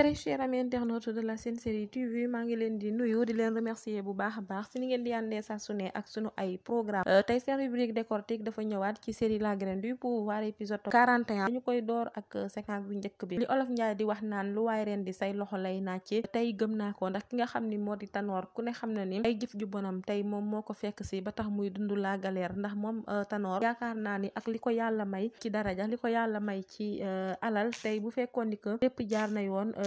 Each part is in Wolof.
très cher ami internaute de la Sen Série TV maa ngi leen di nuyu di leen remercier bu baax a baax si ni ngeen di àndee saa su ak sunu ay programme euh, tey seen rubrique décortique dafa ñëwaat ci série La Graine du Pouvoir épisode 41 dañu koy euh, lu waay ren di say loxo lay nàcce tey gëm ndax ki nga xam ni moo di Tanor ku ne xam na ni ay jëf ju tey moom moo ko fekk si ba tax muy dund la galère ndax moom euh, Tanor yaakaar naa ni ak li ko yàlla may ci daraja li ko yàlla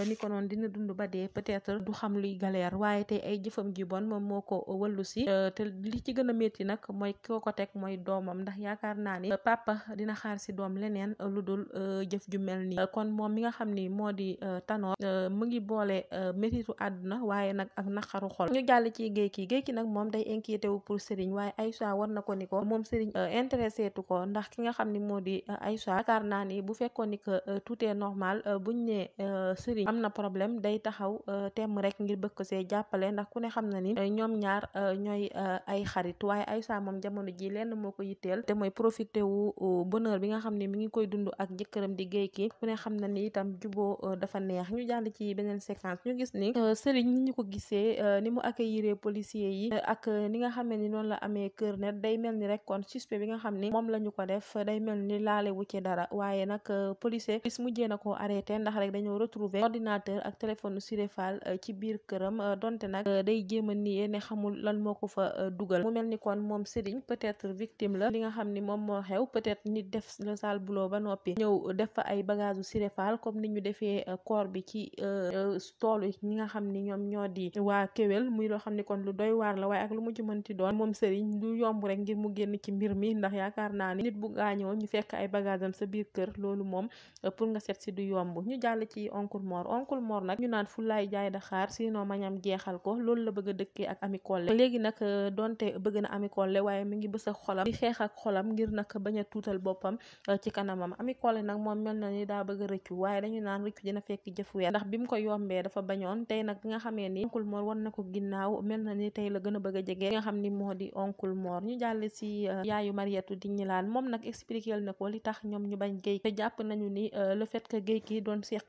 ni ko noonu dina dund ba dee peut-être du xam luy galère waaye tey ay jëfam ji moom moo ko wëllu si euh, te li ci gën a métti nag mooy koo ko teg mooy doomam ndax yaakaar naa ni euh, papa dina xaar si doom leneen euh, lu dul jëf ju mel nii kon moom mi nga xam ni moo di Tanor mu ngi boole métitu àdduna waaye nag ak naqaru xol ñu jàll ci géej ki géej gi nag moom day inquiété wu pour Serigne waaye Aïssa war na ko ni ko moom Serigne intéressé tu ko ndax ki nga xam ni moo di a yaakaar naa ni bu fekkoon ni que tout am na problème day taxaw euh, temm rek ngir bëgg ko see jàppale ndax ku ne xam na ni euh, ñoom ñaar euh, ñooy ay xarit waaye Aïssa moom jamono ji lenn moo ko yitteel te mooy profité wu bonheur bi nga xam ne mi ngi koy dund ak jëkkëram di ki ku xam na ni itam juboo dafa neex ñu jàll ci beneen séquence ñu gis ni sëriñ ñu ko gisee ni mu accueillir policier yi ak ni nga xamee ni noonu la amee kër net day mel ni rek kon suspect bi nga xam ni moom la ko def day mel ni laale wu ci dara waaye nag policier bis mujjee na ko arrêté ndax rek dañoo retrouver ordinateur ak téléphone Siré Fall euh, ci biir këram euh, donte nag euh, day jéem ni niye ne xamul lan moo ko fa dugal mu mel ni kon moom Serigne peut-être victime la li nga xam ni moom moo xew peut-être nit def le sale boulot ba noppi ñëw def fa ay bagage u Siré Fall comme ni ñu defee corps bi ci toolu ñi nga xam ni ñoom ñoo di waa kéwél muy loo xam ni kon lu doy waar la waaye ak lu mu ci mënti doon moom Serigne du yomb rek ngir mu génn ci mbir mi ndax yaakaar naa ni nit bu gaañoo ñu fekk ay bagage sa biir kër loolu moom pour nga seet si du yomb ñu jàll ci encore Mor oncle Mor nag ñu naan fulaay jaay daxaar sinon mañam jeexal ko loolu la bëgg a dëkkee ak Ami Collé léegi nag euh, donte bëgg na Ami Collé waaye mi ngi bës ak xolam di xeex ak ngir nag bañ tuutal boppam euh, ci kanamam Ami Collé moom mel na ni daa bëgg a rëccu waaye dañu naan rëccu dina fekk jëf weer ndax bi mu ko yombee dafa bañoon tey nag bi nga xamee ni oncle Mor war na ko ginnaaw mel na ni tey la gën a bëgg jege nga xam ni moo di onkul Mor ñu jàll si euh, yaayu Mariatu di ñilaan moom nag expliqué na ko li tax ñoom ñu bañ géy jàpp nañu ni le fait ki doon séq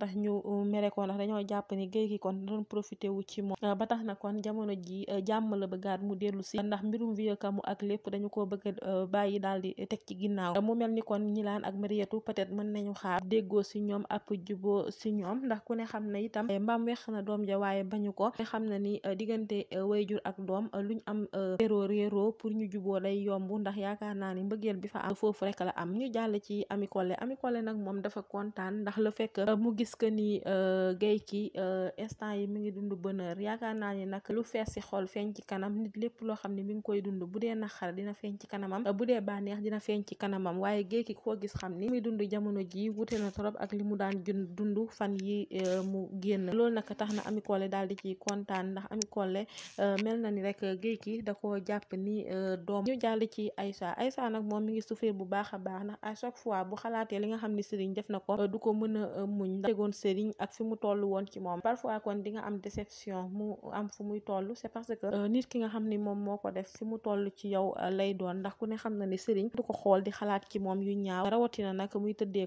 tax ñu euh, mere ko ndax dañoo jàpp ni géej gi kon doon profité wu ci moom ba tax na kon jamono ji euh, jàmm la bëggaat mu dellu si ndax mbirum vieux Camou ak lépp dañu koo bëgg a euh, bàyyi daal di teg ci ginnaaw mu mel ni kon ñilaan ak Mariétou peut-être mën nañu xaar déggoo si ñoom ab juboo si ñoom ndax ku ne xam na itam mbaam wex na doom ja waaye bañu ko xam na ni diggante wayjur ak doom luñ am réeroo réeroo pour ñu juboo day yomb ndax yaakaar naa ni mbëggeel bi fa am foofu rek la am ñu jàll ci Ami Collé Ami nag moom dafa kontaan ndax gis que ni euh, Gaye ki euh, instant yi mu ngi dund bonheur yaakaar naa ni nag lu fees si xol feeñ ci kanam nit lépp loo xam ne mi ngi koy dund bu dee naqar dina feeñ ci kanamam bu dee bànneex dina feeñ ci kanamam waaye Gaye ki koo gis xam ni mu dund jamono ji wute na trop ak li mu daan dundu fan yi euh, mu génn loolu nag tax na Ami Collé daal di ci kontaan ndax Ami Collé mel na ni rek Gaye ki da koo jàpp ni doom ñu jàll ci Aïssa Aïssa nag moom mi ngi souffrir bu baax a baax ndax à chaque fois bu xalaatee li nga xam ne Serigne def na ko bëggoon Serigne ak fi mu toll woon ci moom parfois kon di nga am déception mu am fu muy toll c'est parce que euh, nit ki nga xam ni moom moo ko def mu toll ci yow euh, lay na ni Serigne du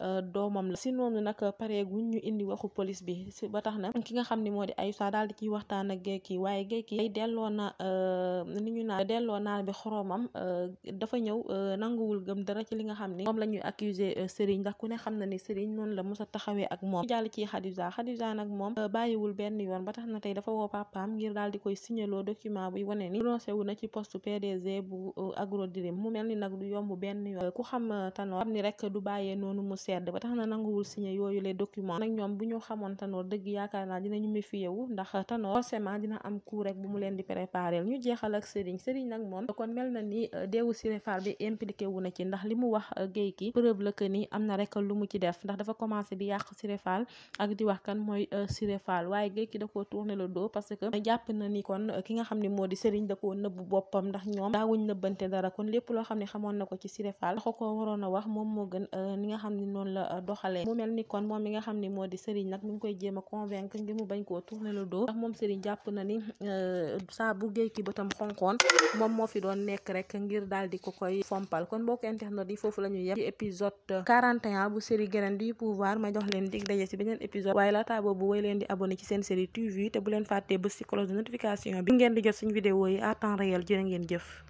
euh, si noonu nag pareeguñ ñu indi waxu police bi si ba tax na ki nga xam ni moo di Aïssa daal di ciy waxtaan ak Géeki waaye Géeki day delloo na ni ñu naan delloo naar bi xoromam dafa ñëw nanguwul gëm dara ci li nga xam ni moom la ñuy accuser Serigne ndax ku ne xam na ni Serigne noonu la mos a taxawee ak moom jàll ci Khadija Khadija nag moom euh, bàyyiwul benn yoon ba tax na tey dafa woo papaam ngir daal di koy signaloo document buy wane ni renoncé euh, mu mel ni nag du yomb benn yoon ku xam euh, Tanor am ni rek du bàyyee noonu mu sedd ba tax na nanguwul signé yooyu les documents nag ñoom bu ñu xamoon Tanor dëgg yaakaar naa dinañu méfier wu ndax Tanor forcément dina am coup rek bu mu leen di préparer ñu jeexal ak Serigne Serigne nag moom kon mel na ni deewu Siré Fall bi impliqué wu na ci ndax li mu wax géej gi preuve la que ni am na rek lu mu ci def dàq Siré Fall ak di wax kan mooy Siré euh, Fall waaye géej gi da koo tourné le parce que jàpp na ni kon euh, ki nga xam ne moo di Serigne da koo nëbb boppam ndax ñoom daawuñ nëbbante dara kon lépp loo xam ne xamoon na ko ci Siré Fall daxa ko waroon a wax moom moo gën euh, ni nga xam ne ni mi nga xam ne moo di Serigne nag mi ngi koy jéem a convaincre ngir mu bañ koo tourné le dos ndax moom Serigne jàpp na ni saa bu géej gi xonkoon moom moo fi doon nekk rek ngir daal di ko koy fompal kon mbokk internet la ñu yem ci leen dig daje si beneen épisode waaye laata boobu woy leen di abonné ci seen série TV te bu leen fàttee bës si de notification bi ngeen di jot suñu vidéo yi à temps réel jërë ngeen jëf